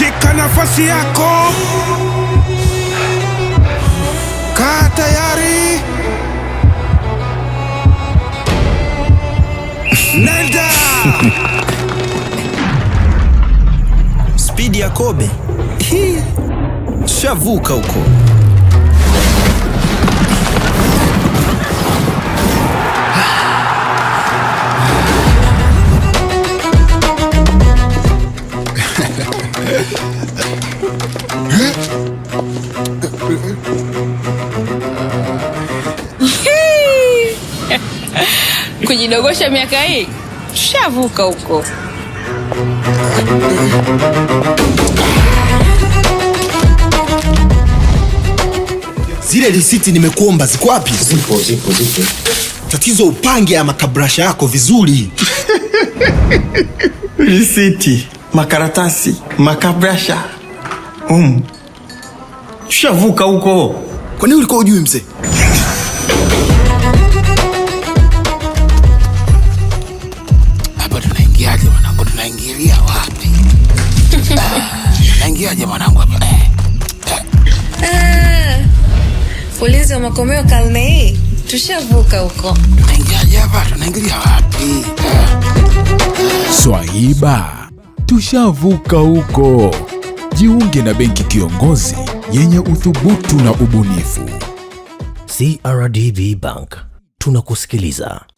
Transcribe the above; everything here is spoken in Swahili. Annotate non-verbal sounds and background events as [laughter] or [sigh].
Shika nafasi yako, kaa tayari, nenda spidi ya kobe shavuka huko. [laughs] Kujidogosha miaka hii tushavuka huko. Zile risiti nimekuomba ziko wapi? Zipo, zipo, zipo. Tatizo upange ya makabrasha yako vizuri. [laughs] Risiti, makaratasi, makabrasha um. Tushavuka huko. Kwa nini ulikuwa ujui mzee? Hapa tunaingiaje mwanangu? Tunaingilia wapi? [laughs] Tunaingiaje mwanangu hapa? Eh, eh, Ulinzi wa Makomeo karne hii. Tushavuka huko. Tunaingiaje hapa? Tunaingilia wapi? Swahiba, Tushavuka huko. Jiunge na benki Kiongozi yenye uthubutu na ubunifu. CRDB Bank tunakusikiliza.